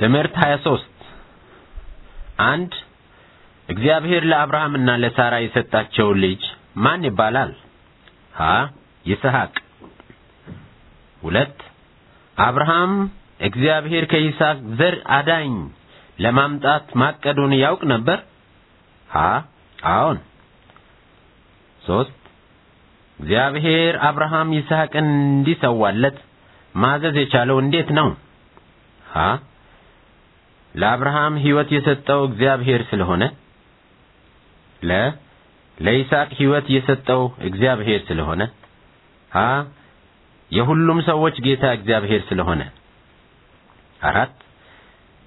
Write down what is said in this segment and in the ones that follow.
ትምህርት 23 አንድ እግዚአብሔር ለአብርሃምና ለሳራ የሰጣቸው ልጅ ማን ይባላል? ሀ ይስሐቅ። ሁለት አብርሃም እግዚአብሔር ከይስሐቅ ዘር አዳኝ ለማምጣት ማቀዱን ያውቅ ነበር? ሀ አዎን። ሶስት እግዚአብሔር አብርሃም ይስሐቅን እንዲሰዋለት ማዘዝ የቻለው እንዴት ነው? ሀ ለአብርሃም ሕይወት የሰጠው እግዚአብሔር ስለሆነ ለ ለይስሐቅ ሕይወት የሰጠው እግዚአብሔር ስለሆነ ሀ የሁሉም ሰዎች ጌታ እግዚአብሔር ስለሆነ አራት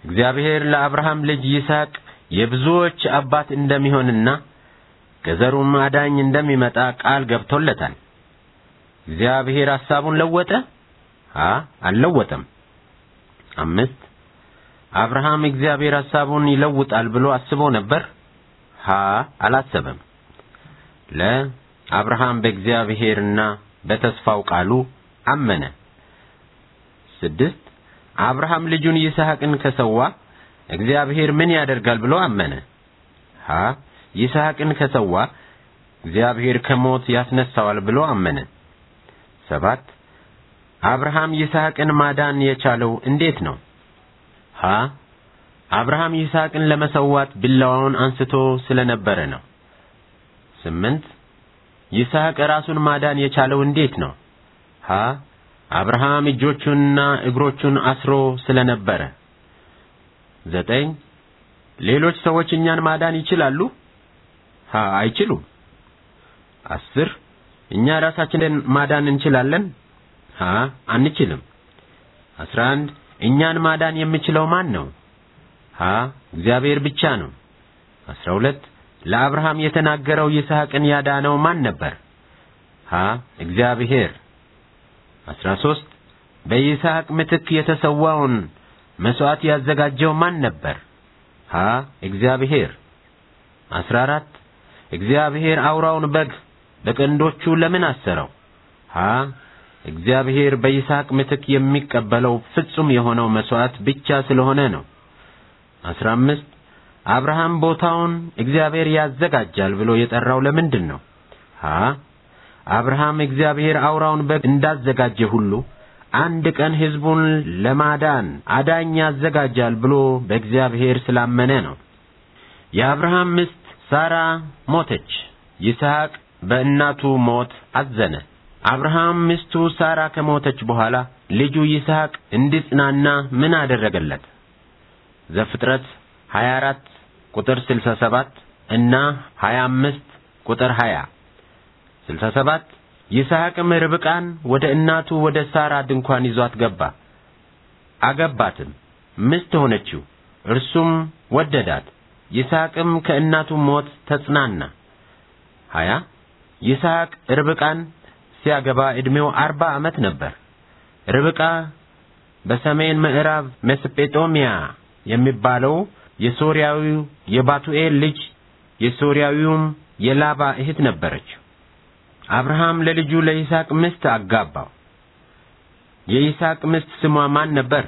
እግዚአብሔር ለአብርሃም ልጅ ይስሐቅ የብዙዎች አባት እንደሚሆንና ከዘሩም አዳኝ እንደሚመጣ ቃል ገብቶለታል። እግዚአብሔር ሐሳቡን ለወጠ? አ አልለወጠም። አምስት አብርሃም እግዚአብሔር ሐሳቡን ይለውጣል ብሎ አስቦ ነበር? ሀ አላሰበም። ለ አብርሃም በእግዚአብሔርና በተስፋው ቃሉ አመነ። ስድስት አብርሃም ልጁን ይስሐቅን ከሰዋ እግዚአብሔር ምን ያደርጋል ብሎ አመነ? ሀ ይስሐቅን ከሰዋ እግዚአብሔር ከሞት ያስነሳዋል ብሎ አመነ። ሰባት አብርሃም ይስሐቅን ማዳን የቻለው እንዴት ነው? ሀ አብርሃም ይስሐቅን ለመሰዋት ቢላዋውን አንስቶ ስለነበረ ነው። ስምንት ይስሐቅ ራሱን ማዳን የቻለው እንዴት ነው? ሀ አብርሃም እጆቹንና እግሮቹን አስሮ ስለነበረ። ዘጠኝ ሌሎች ሰዎች እኛን ማዳን ይችላሉ? ሀ አይችሉም። አስር እኛ ራሳችንን ማዳን እንችላለን? ሀ አንችልም። አስራ አንድ እኛን ማዳን የሚችለው ማን ነው? ሀ እግዚአብሔር ብቻ ነው። 12 ለአብርሃም የተናገረው ይስሐቅን ያዳነው ማን ነበር? ሀ እግዚአብሔር። 13 በይስሐቅ ምትክ የተሰዋውን መሥዋዕት ያዘጋጀው ማን ነበር? ሀ እግዚአብሔር። 14 እግዚአብሔር አውራውን በግ በቀንዶቹ ለምን አሰረው? ሀ እግዚአብሔር በይስሐቅ ምትክ የሚቀበለው ፍጹም የሆነው መሥዋዕት ብቻ ስለሆነ ነው። 15 አብርሃም ቦታውን እግዚአብሔር ያዘጋጃል ብሎ የጠራው ለምንድን ነው? ሀ አብርሃም እግዚአብሔር አውራውን በግ እንዳዘጋጀ ሁሉ አንድ ቀን ሕዝቡን ለማዳን አዳኝ ያዘጋጃል ብሎ በእግዚአብሔር ስላመነ ነው። የአብርሃም ሚስት ሳራ ሞተች። ይስሐቅ በእናቱ ሞት አዘነ። አብርሃም ሚስቱ ሳራ ከሞተች በኋላ ልጁ ይስሐቅ እንዲጽናና ምን አደረገለት? ዘፍጥረት 24 ቁጥር 67 እና 25 ቁጥር 20 67 ይስሐቅም ርብቃን ወደ እናቱ ወደ ሳራ ድንኳን ይዟት ገባ፣ አገባትም፣ ሚስት ሆነችው፣ እርሱም ወደዳት። ይስሐቅም ከእናቱ ሞት ተጽናና። 20 ይስሐቅ ርብቃን ሲያገባ ዕድሜው አርባ ዓመት ነበር። ርብቃ በሰሜን ምዕራብ ሜሶጴጦሚያ የሚባለው የሶርያዊው የባቱኤል ልጅ የሶርያዊውም የላባ እህት ነበረች። አብርሃም ለልጁ ለይስሐቅ ሚስት አጋባው። የይስሐቅ ሚስት ስሟ ማን ነበር?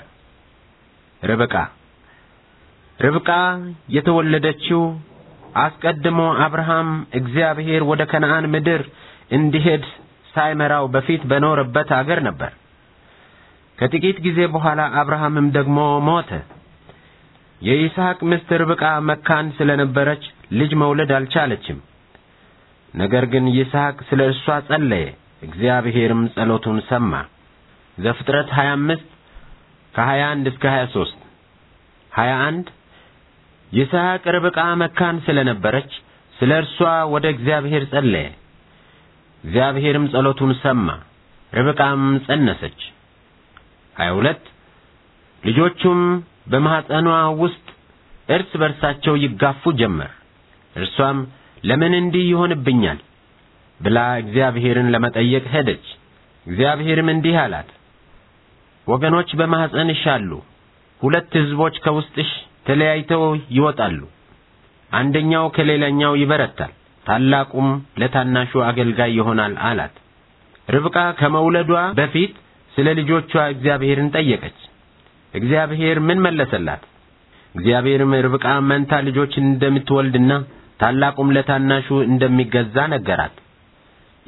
ርብቃ። ርብቃ የተወለደችው አስቀድሞ አብርሃም እግዚአብሔር ወደ ከነዓን ምድር እንዲሄድ ሳይመራው በፊት በኖረበት አገር ነበር። ከጥቂት ጊዜ በኋላ አብርሃምም ደግሞ ሞተ። የይስሐቅ ሚስት ርብቃ መካን ስለነበረች ልጅ መውለድ አልቻለችም። ነገር ግን ይስሐቅ ስለ እርሷ ጸለየ፣ እግዚአብሔርም ጸሎቱን ሰማ። ዘፍጥረት 25 ከ21 እስከ 23 21 ይስሐቅ ርብቃ መካን ስለነበረች ስለ እርሷ ወደ እግዚአብሔር ጸለየ። እግዚአብሔርም ጸሎቱን ሰማ፣ ርብቃም ጸነሰች። 22 ልጆቹም በማኅፀኗ ውስጥ እርስ በርሳቸው ይጋፉ ጀመር። እርሷም ለምን እንዲህ ይሆንብኛል ብላ እግዚአብሔርን ለመጠየቅ ሄደች። እግዚአብሔርም እንዲህ አላት፣ ወገኖች በማኅፀንሽ አሉ። ሁለት ሕዝቦች ከውስጥሽ ተለያይተው ይወጣሉ፣ አንደኛው ከሌላኛው ይበረታል። ታላቁም ለታናሹ አገልጋይ ይሆናል አላት። ርብቃ ከመውለዷ በፊት ስለ ልጆቿ እግዚአብሔርን ጠየቀች። እግዚአብሔር ምን መለሰላት? እግዚአብሔርም ርብቃ መንታ ልጆችን እንደምትወልድና ታላቁም ለታናሹ እንደሚገዛ ነገራት።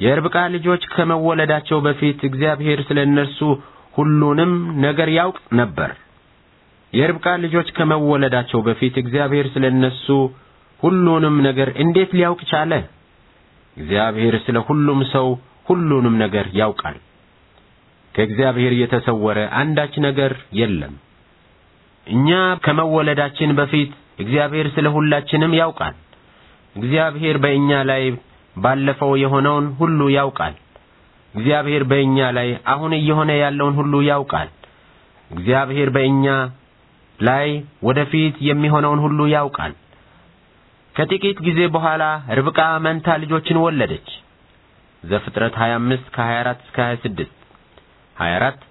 የርብቃ ልጆች ከመወለዳቸው በፊት እግዚአብሔር ስለ እነርሱ ሁሉንም ነገር ያውቅ ነበር። የርብቃ ልጆች ከመወለዳቸው በፊት እግዚአብሔር ስለ እነሱ ሁሉንም ነገር እንዴት ሊያውቅ ቻለ? እግዚአብሔር ስለ ሁሉም ሰው ሁሉንም ነገር ያውቃል። ከእግዚአብሔር የተሰወረ አንዳች ነገር የለም። እኛ ከመወለዳችን በፊት እግዚአብሔር ስለ ሁላችንም ያውቃል። እግዚአብሔር በእኛ ላይ ባለፈው የሆነውን ሁሉ ያውቃል። እግዚአብሔር በእኛ ላይ አሁን እየሆነ ያለውን ሁሉ ያውቃል። እግዚአብሔር በእኛ ላይ ወደፊት የሚሆነውን ሁሉ ያውቃል። ከጥቂት ጊዜ በኋላ ርብቃ መንታ ልጆችን ወለደች። ዘፍጥረት 25 ከ24 እስከ 26 24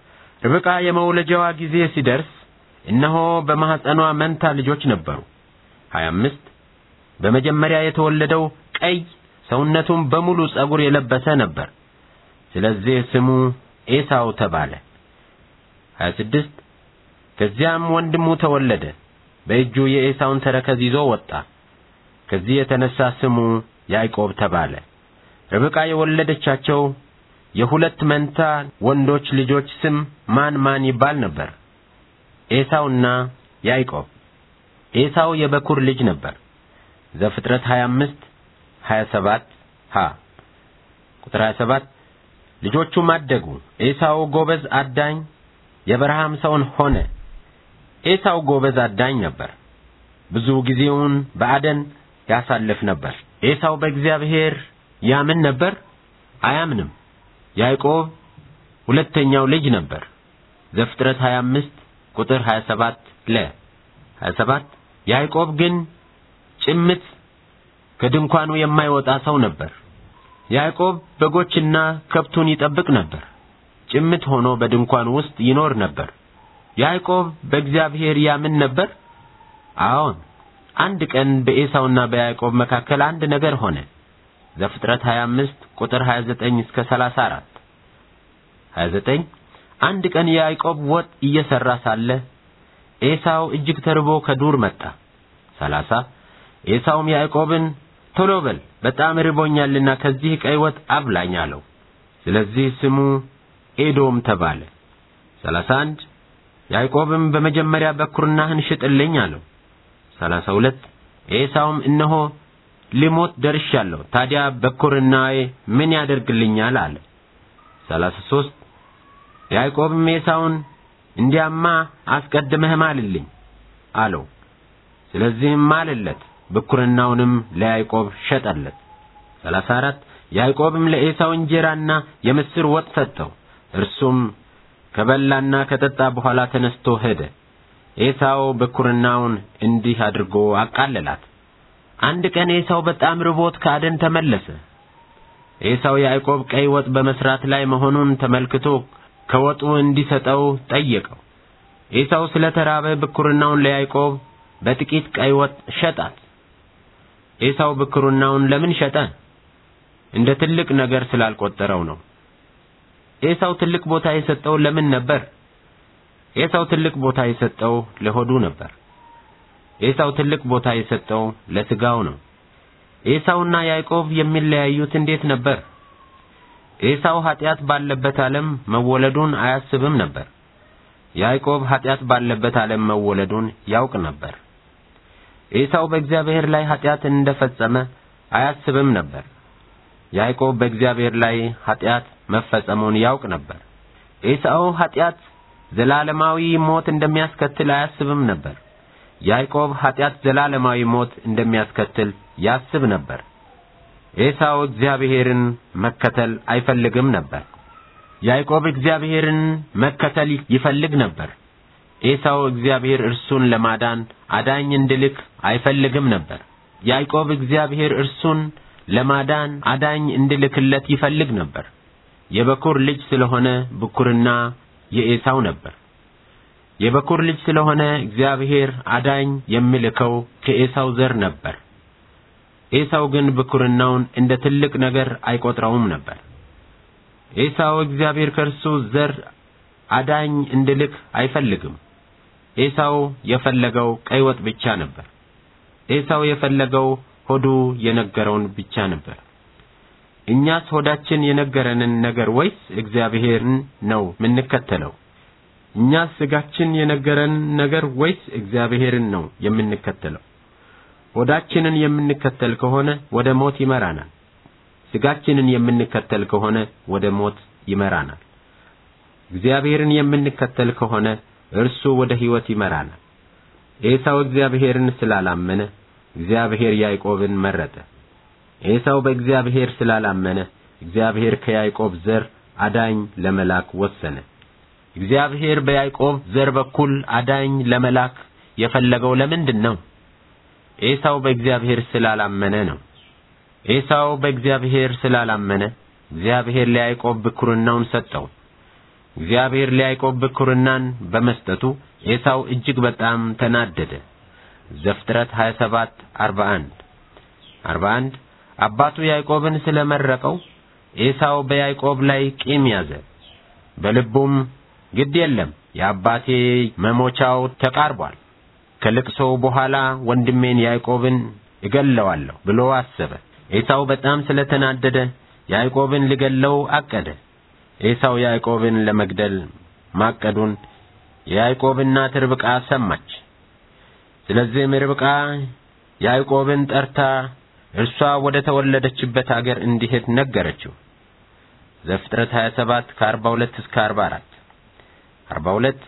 ርብቃ የመውለጃዋ ጊዜ ሲደርስ እነሆ በማኅፀኗ መንታ ልጆች ነበሩ። 25 በመጀመሪያ የተወለደው ቀይ ሰውነቱን በሙሉ ጸጉር የለበሰ ነበር። ስለዚህ ስሙ ኤሳው ተባለ። 26 ከዚያም ወንድሙ ተወለደ። በእጁ የኤሳውን ተረከዝ ይዞ ወጣ። ከዚህ የተነሳ ስሙ ያዕቆብ ተባለ። ርብቃ የወለደቻቸው የሁለት መንታ ወንዶች ልጆች ስም ማን ማን ይባል ነበር? ኤሳውና ያዕቆብ። ኤሳው የበኩር ልጅ ነበር። ዘፍጥረት 25 27 ሀ ቁጥር 27 ልጆቹም አደጉ። ኤሳው ጎበዝ አዳኝ የበረሃም ሰውን ሆነ። ኤሳው ጎበዝ አዳኝ ነበር። ብዙ ጊዜውን በአደን ያሳልፍ ነበር። ኤሳው በእግዚአብሔር ያምን ነበር? አያምንም። ያዕቆብ ሁለተኛው ልጅ ነበር። ዘፍጥረት 25 ቁጥር 27 ለ 27 ያዕቆብ ግን ጭምት ከድንኳኑ የማይወጣ ሰው ነበር። ያዕቆብ በጎችና ከብቱን ይጠብቅ ነበር። ጭምት ሆኖ በድንኳኑ ውስጥ ይኖር ነበር። ያዕቆብ በእግዚአብሔር ያምን ነበር? አዎን። አንድ ቀን በኤሳውና በያዕቆብ መካከል አንድ ነገር ሆነ። ዘፍጥረት 25 ቁጥር 29 እስከ 34 29 አንድ ቀን ያዕቆብ ወጥ እየሰራ ሳለ ኤሳው እጅግ ተርቦ ከዱር መጣ። 30 ኤሳውም ያዕቆብን ቶሎ በል በጣም ርቦኛልና ከዚህ ቀይ ወጥ አብላኝ አለው። ስለዚህ ስሙ ኤዶም ተባለ። 31 ያዕቆብም በመጀመሪያ በኩርናህን ሽጥልኝ አለው። 32 ኤሳውም እነሆ ልሞት ደርሻለሁ፣ ታዲያ በኩርናዬ ምን ያደርግልኛል አለ። 33 ያዕቆብም ኤሳውን እንዲያማ አስቀድመህ ማልልኝ አለው። ስለዚህም ማልለት በኩርናውንም ለያዕቆብ ሸጠለት። 34 ያዕቆብም ለኤሳው እንጀራና የምስር ወጥ ሰጠው። እርሱም ከበላና ከጠጣ በኋላ ተነስቶ ሄደ። ኤሳው ብኩርናውን እንዲህ አድርጎ አቃለላት። አንድ ቀን ኤሳው በጣም ርቦት ከአደን ተመለሰ። ኤሳው ያዕቆብ ቀይ ወጥ በመስራት ላይ መሆኑን ተመልክቶ ከወጡ እንዲሰጠው ጠየቀው። ኤሳው ስለ ተራበ ብኩርናውን ለያዕቆብ በጥቂት ቀይ ወጥ ሸጣት። ኤሳው ብኩርናውን ለምን ሸጠ? እንደ ትልቅ ነገር ስላልቆጠረው ነው። ኤሳው ትልቅ ቦታ የሰጠው ለምን ነበር? ኤሳው ትልቅ ቦታ የሰጠው ለሆዱ ነበር። ኤሳው ትልቅ ቦታ የሰጠው ለስጋው ነው። ኤሳውና ያዕቆብ የሚለያዩት እንዴት ነበር? ኤሳው ኃጢአት ባለበት ዓለም መወለዱን አያስብም ነበር። ያዕቆብ ኃጢአት ባለበት ዓለም መወለዱን ያውቅ ነበር። ኤሳው በእግዚአብሔር ላይ ኃጢአት እንደፈጸመ አያስብም ነበር። ያዕቆብ በእግዚአብሔር ላይ ኃጢአት መፈጸሙን ያውቅ ነበር። ኤሳው ኃጢአት ዘላለማዊ ሞት እንደሚያስከትል አያስብም ነበር። ያዕቆብ ኃጢአት ዘላለማዊ ሞት እንደሚያስከትል ያስብ ነበር። ኤሳው እግዚአብሔርን መከተል አይፈልግም ነበር። ያዕቆብ እግዚአብሔርን መከተል ይፈልግ ነበር። ኤሳው እግዚአብሔር እርሱን ለማዳን አዳኝ እንድልክ አይፈልግም ነበር። ያዕቆብ እግዚአብሔር እርሱን ለማዳን አዳኝ እንድልክለት ይፈልግ ነበር። የበኩር ልጅ ስለሆነ ብኩርና የኤሳው ነበር። የበኩር ልጅ ስለሆነ እግዚአብሔር አዳኝ የሚልከው ከኤሳው ዘር ነበር። ኤሳው ግን ብኩርናውን እንደ ትልቅ ነገር አይቆጥረውም ነበር። ኤሳው እግዚአብሔር ከእርሱ ዘር አዳኝ እንድልክ አይፈልግም። ኤሳው የፈለገው ቀይ ወጥ ብቻ ነበር። ኤሳው የፈለገው ሆዱ የነገረውን ብቻ ነበር። እኛስ ሆዳችን የነገረንን ነገር ወይስ እግዚአብሔርን ነው የምንከተለው? እኛስ ስጋችን የነገረን ነገር ወይስ እግዚአብሔርን ነው የምንከተለው? ሆዳችንን የምንከተል ከሆነ ወደ ሞት ይመራናል። ስጋችንን የምንከተል ከሆነ ወደ ሞት ይመራናል። እግዚአብሔርን የምንከተል ከሆነ እርሱ ወደ ሕይወት ይመራናል። ኤሳው እግዚአብሔርን ስላላመነ እግዚአብሔር ያዕቆብን መረጠ። ኤሳው በእግዚአብሔር ስላላመነ እግዚአብሔር ከያዕቆብ ዘር አዳኝ ለመላክ ወሰነ። እግዚአብሔር በያዕቆብ ዘር በኩል አዳኝ ለመላክ የፈለገው ለምንድን ነው? ኤሳው በእግዚአብሔር ስላላመነ ነው። ኤሳው በእግዚአብሔር ስላላመነ እግዚአብሔር ለያዕቆብ ብኩርናውን ሰጠው። እግዚአብሔር ለያዕቆብ ብኩርናን በመስጠቱ ኤሳው እጅግ በጣም ተናደደ። ዘፍጥረት 27 41 41 አባቱ ያዕቆብን ስለመረቀው ኤሳው በያዕቆብ ላይ ቂም ያዘ። በልቡም ግድ የለም የአባቴ መሞቻው ተቃርቧል፣ ከልቅሶው በኋላ ወንድሜን ያዕቆብን እገለዋለሁ ብሎ አሰበ። ኤሳው በጣም ስለተናደደ ያዕቆብን ሊገለው አቀደ። ኤሳው ያዕቆብን ለመግደል ማቀዱን የያዕቆብ እናት ርብቃ ሰማች። ስለዚህም ርብቃ ያዕቆብን ጠርታ እርሷ ወደ ተወለደችበት አገር እንዲሄድ ነገረችው። ዘፍጥረት 27 ከ42 እስከ 44 42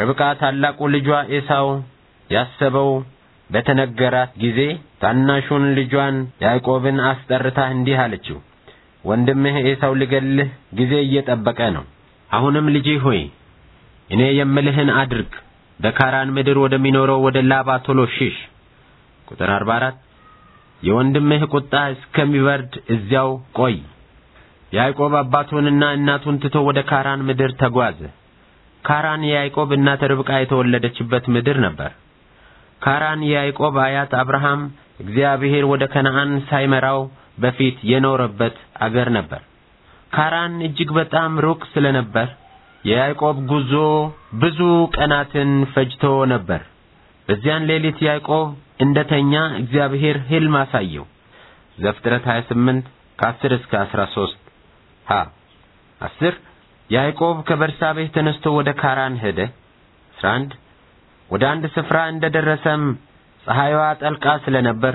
ርብቃ ታላቁ ልጇ ኤሳው ያሰበው በተነገራት ጊዜ ታናሹን ልጇን ያዕቆብን አስጠርታ እንዲህ አለችው፣ ወንድምህ ኤሳው ሊገልህ ጊዜ እየጠበቀ ነው። አሁንም ልጄ ሆይ እኔ የምልህን አድርግ። በካራን ምድር ወደሚኖረው ወደ ላባ ቶሎ ሽሽ። ቁጥር 44 የወንድምህ ቁጣ እስከሚበርድ እዚያው ቆይ። ያዕቆብ አባቱንና እናቱን ትቶ ወደ ካራን ምድር ተጓዘ። ካራን የያዕቆብ እናት ርብቃ የተወለደችበት ምድር ነበር። ካራን የያዕቆብ አያት አብርሃም እግዚአብሔር ወደ ከነዓን ሳይመራው በፊት የኖረበት አገር ነበር። ካራን እጅግ በጣም ሩቅ ስለነበር የያዕቆብ ጉዞ ብዙ ቀናትን ፈጅቶ ነበር። በዚያን ሌሊት ያዕቆብ እንደተኛ እግዚአብሔር ሕልም አሳየው። ዘፍጥረት 28 ከ10 እስከ 13 ሀ 10 ያዕቆብ ከበርሳቤህ ተነስቶ ወደ ካራን ሄደ። 11 ወደ አንድ ስፍራ እንደደረሰም ፀሐይዋ ጠልቃ ስለነበር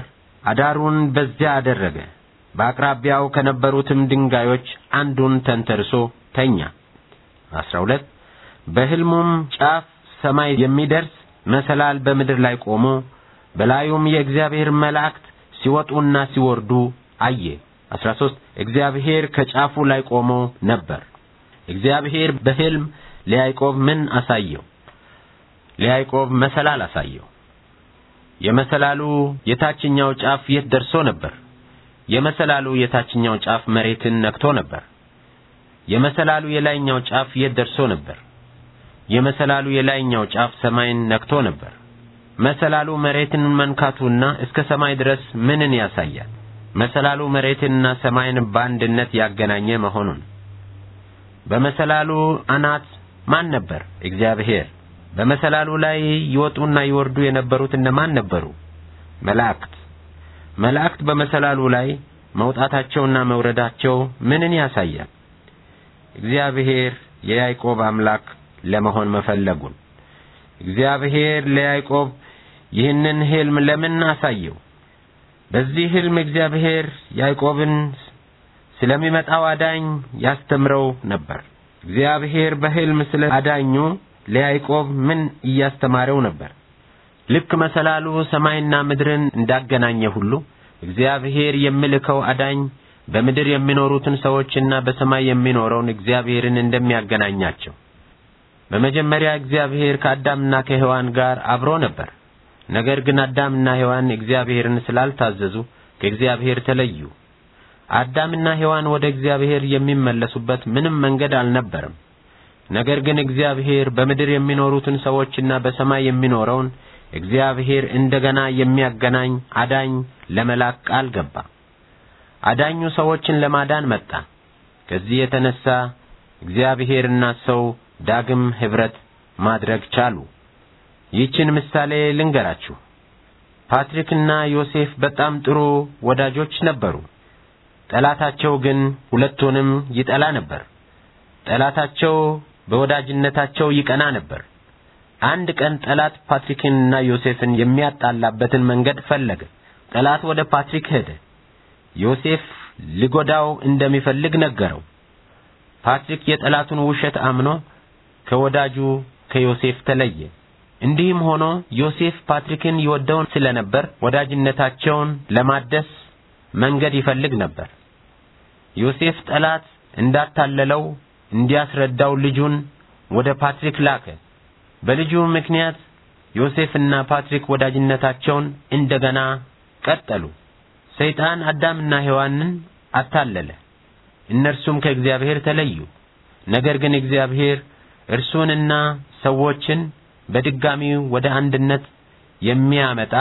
አዳሩን በዚያ አደረገ። በአቅራቢያው ከነበሩትም ድንጋዮች አንዱን ተንተርሶ ተኛ። 12 በሕልሙም ጫፍ ሰማይ የሚደርስ መሰላል በምድር ላይ ቆሞ በላዩም የእግዚአብሔር መላእክት ሲወጡና ሲወርዱ አየ። 13 እግዚአብሔር ከጫፉ ላይ ቆሞ ነበር። እግዚአብሔር በሕልም ለያዕቆብ ምን አሳየው? ለያዕቆብ መሰላል አሳየው። የመሰላሉ የታችኛው ጫፍ የት ደርሶ ነበር? የመሰላሉ የታችኛው ጫፍ መሬትን ነክቶ ነበር። የመሰላሉ የላይኛው ጫፍ የት ደርሶ ነበር? የመሰላሉ የላይኛው ጫፍ ሰማይን ነክቶ ነበር። መሰላሉ መሬትን መንካቱና እስከ ሰማይ ድረስ ምንን ያሳያል? መሰላሉ መሬትንና ሰማይን በአንድነት ያገናኘ መሆኑን። በመሰላሉ አናት ማን ነበር? እግዚአብሔር። በመሰላሉ ላይ ይወጡና ይወርዱ የነበሩት እነማን ነበሩ? መላእክት። መላእክት በመሰላሉ ላይ መውጣታቸውና መውረዳቸው ምንን ያሳያል? እግዚአብሔር የያዕቆብ አምላክ ለመሆን መፈለጉን። እግዚአብሔር ለያዕቆብ ይህንን ህልም ለምን አሳየው? በዚህ ህልም እግዚአብሔር ያዕቆብን ስለሚመጣው አዳኝ ያስተምረው ነበር። እግዚአብሔር በህልም ስለ አዳኙ ለያዕቆብ ምን እያስተማረው ነበር? ልክ መሰላሉ ሰማይና ምድርን እንዳገናኘ ሁሉ እግዚአብሔር የሚልከው አዳኝ በምድር የሚኖሩትን ሰዎችና በሰማይ የሚኖረውን እግዚአብሔርን እንደሚያገናኛቸው። በመጀመሪያ እግዚአብሔር ከአዳምና ከሔዋን ጋር አብሮ ነበር። ነገር ግን አዳምና ሔዋን እግዚአብሔርን ስላልታዘዙ ከእግዚአብሔር ተለዩ። አዳምና ሔዋን ወደ እግዚአብሔር የሚመለሱበት ምንም መንገድ አልነበረም። ነገር ግን እግዚአብሔር በምድር የሚኖሩትን ሰዎችና በሰማይ የሚኖረውን እግዚአብሔር እንደገና የሚያገናኝ አዳኝ ለመላክ ቃል ገባ። አዳኙ ሰዎችን ለማዳን መጣ። ከዚህ የተነሳ እግዚአብሔርና ሰው ዳግም ኅብረት ማድረግ ቻሉ። ይህችን ምሳሌ ልንገራችሁ። ፓትሪክና ዮሴፍ በጣም ጥሩ ወዳጆች ነበሩ። ጠላታቸው ግን ሁለቱንም ይጠላ ነበር። ጠላታቸው በወዳጅነታቸው ይቀና ነበር። አንድ ቀን ጠላት ፓትሪክንና ዮሴፍን የሚያጣላበትን መንገድ ፈለገ። ጠላት ወደ ፓትሪክ ሄደ። ዮሴፍ ሊጎዳው እንደሚፈልግ ነገረው። ፓትሪክ የጠላቱን ውሸት አምኖ ከወዳጁ ከዮሴፍ ተለየ። እንዲህም ሆኖ ዮሴፍ ፓትሪክን ይወደው ስለነበር ወዳጅነታቸውን ለማደስ መንገድ ይፈልግ ነበር። ዮሴፍ ጠላት እንዳታለለው እንዲያስረዳው ልጁን ወደ ፓትሪክ ላከ። በልጁ ምክንያት ዮሴፍና ፓትሪክ ወዳጅነታቸውን እንደገና ቀጠሉ። ሰይጣን አዳምና ሔዋንን አታለለ፣ እነርሱም ከእግዚአብሔር ተለዩ። ነገር ግን እግዚአብሔር እርሱንና ሰዎችን በድጋሚ ወደ አንድነት የሚያመጣ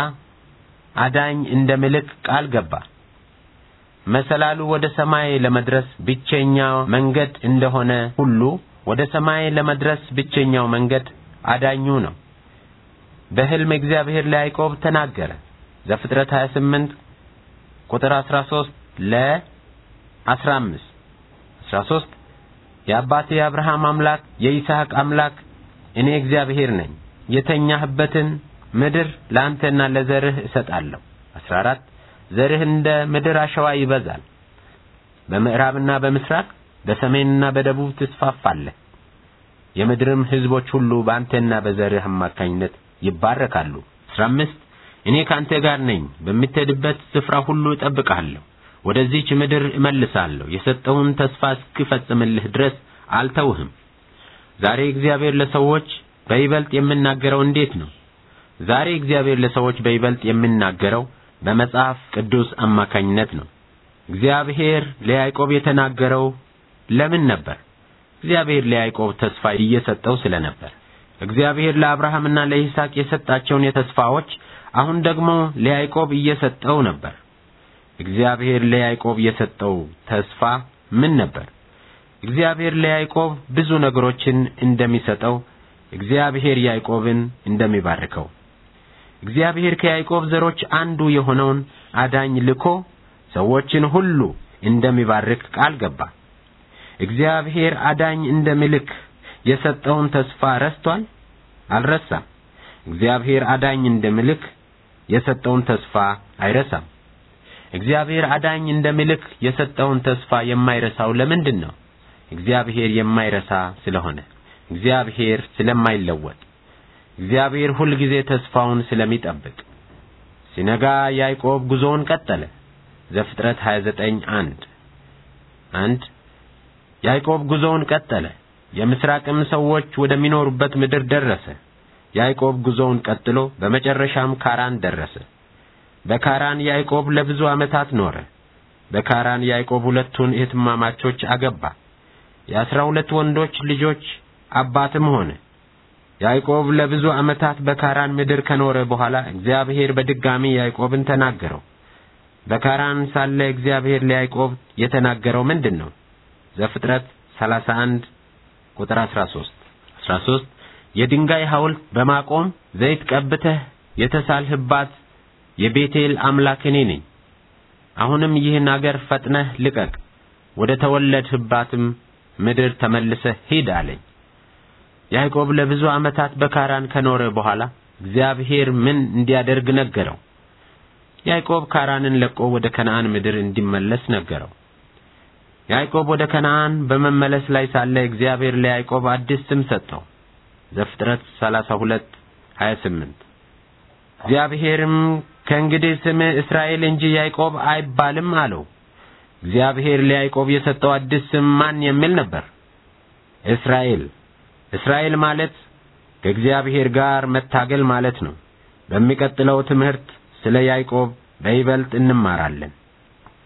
አዳኝ እንደ ምልክ ቃል ገባ። መሰላሉ ወደ ሰማይ ለመድረስ ብቸኛው መንገድ እንደሆነ ሁሉ ወደ ሰማይ ለመድረስ ብቸኛው መንገድ አዳኙ ነው። በሕልም እግዚአብሔር ለያዕቆብ ተናገረ። ዘፍጥረት 28 ቁጥር 13 ለ 15 13 የአባቴ የአብርሃም አምላክ የይስሐቅ አምላክ እኔ እግዚአብሔር ነኝ የተኛህበትን ምድር ለአንተና ለዘርህ እሰጣለሁ 14 ዘርህ እንደ ምድር አሸዋ ይበዛል በምዕራብና በምስራቅ በሰሜንና በደቡብ ትስፋፋለህ የምድርም ህዝቦች ሁሉ በአንተና በዘርህ አማካኝነት ይባረካሉ 15 እኔ ካንተ ጋር ነኝ በምትሄድበት ስፍራ ሁሉ እጠብቅሃለሁ ወደዚህች ምድር እመልሳለሁ የሰጠውን ተስፋ እስክፈጽምልህ ድረስ አልተውህም ዛሬ እግዚአብሔር ለሰዎች በይበልጥ የምናገረው እንዴት ነው? ዛሬ እግዚአብሔር ለሰዎች በይበልጥ የምናገረው በመጽሐፍ ቅዱስ አማካኝነት ነው። እግዚአብሔር ለያዕቆብ የተናገረው ለምን ነበር? እግዚአብሔር ለያዕቆብ ተስፋ እየሰጠው ስለነበር። እግዚአብሔር ለአብርሃምና ለይስሐቅ የሰጣቸውን የተስፋዎች አሁን ደግሞ ለያዕቆብ እየሰጠው ነበር። እግዚአብሔር ለያዕቆብ የሰጠው ተስፋ ምን ነበር? እግዚአብሔር ለያዕቆብ ብዙ ነገሮችን እንደሚሰጠው እግዚአብሔር ያዕቆብን እንደሚባርከው እግዚአብሔር ከያዕቆብ ዘሮች አንዱ የሆነውን አዳኝ ልኮ ሰዎችን ሁሉ እንደሚባርክ ቃል ገባ። እግዚአብሔር አዳኝ እንደሚልክ የሰጠውን ተስፋ ረስቷል? አልረሳም። እግዚአብሔር አዳኝ እንደሚልክ የሰጠውን ተስፋ አይረሳም። እግዚአብሔር አዳኝ እንደሚልክ የሰጠውን ተስፋ የማይረሳው ለምንድን ነው? እግዚአብሔር የማይረሳ ስለሆነ፣ እግዚአብሔር ስለማይለወጥ፣ እግዚአብሔር ጊዜ ተስፋውን ስለሚጠብቅ። ሲነጋ ያዕቆብ ጉዞውን ቀጠለ። ዘፍጥረት 29 አንድ አንድ ያዕቆብ ጉዞውን ቀጠለ። የምስራቅም ሰዎች ወደሚኖሩበት ምድር ደረሰ። ያዕቆብ ጉዞውን ቀጥሎ በመጨረሻም ካራን ደረሰ። በካራን ያዕቆብ ለብዙ ዓመታት ኖረ። በካራን ያዕቆብ ሁለቱን እህትማማቾች አገባ። የአስራ ሁለት ወንዶች ልጆች አባትም ሆነ። ያዕቆብ ለብዙ ዓመታት በካራን ምድር ከኖረ በኋላ እግዚአብሔር በድጋሚ ያዕቆብን ተናገረው። በካራን ሳለ እግዚአብሔር ለያዕቆብ የተናገረው ምንድን ነው? ዘፍጥረት 31 ቁጥር 13 13 የድንጋይ ሐውልት በማቆም ዘይት ቀብተህ የተሳልህባት የቤቴል አምላክ እኔ ነኝ። አሁንም ይህን አገር ፈጥነህ ልቀቅ፣ ወደ ተወለድህባትም ምድር ተመልሰህ ሂድ አለኝ። ያዕቆብ ለብዙ ዓመታት በካራን ከኖረ በኋላ እግዚአብሔር ምን እንዲያደርግ ነገረው? ያዕቆብ ካራንን ለቆ ወደ ከነዓን ምድር እንዲመለስ ነገረው። ያዕቆብ ወደ ከነዓን በመመለስ ላይ ሳለ እግዚአብሔር ለያዕቆብ አዲስ ስም ሰጠው። ዘፍጥረት 32 28 እግዚአብሔርም ከእንግዲህ ስምህ እስራኤል እንጂ ያዕቆብ አይባልም አለው። እግዚአብሔር ለያዕቆብ የሰጠው አዲስ ስም ማን የሚል ነበር? እስራኤል። እስራኤል ማለት ከእግዚአብሔር ጋር መታገል ማለት ነው። በሚቀጥለው ትምህርት ስለ ያዕቆብ በይበልጥ እንማራለን።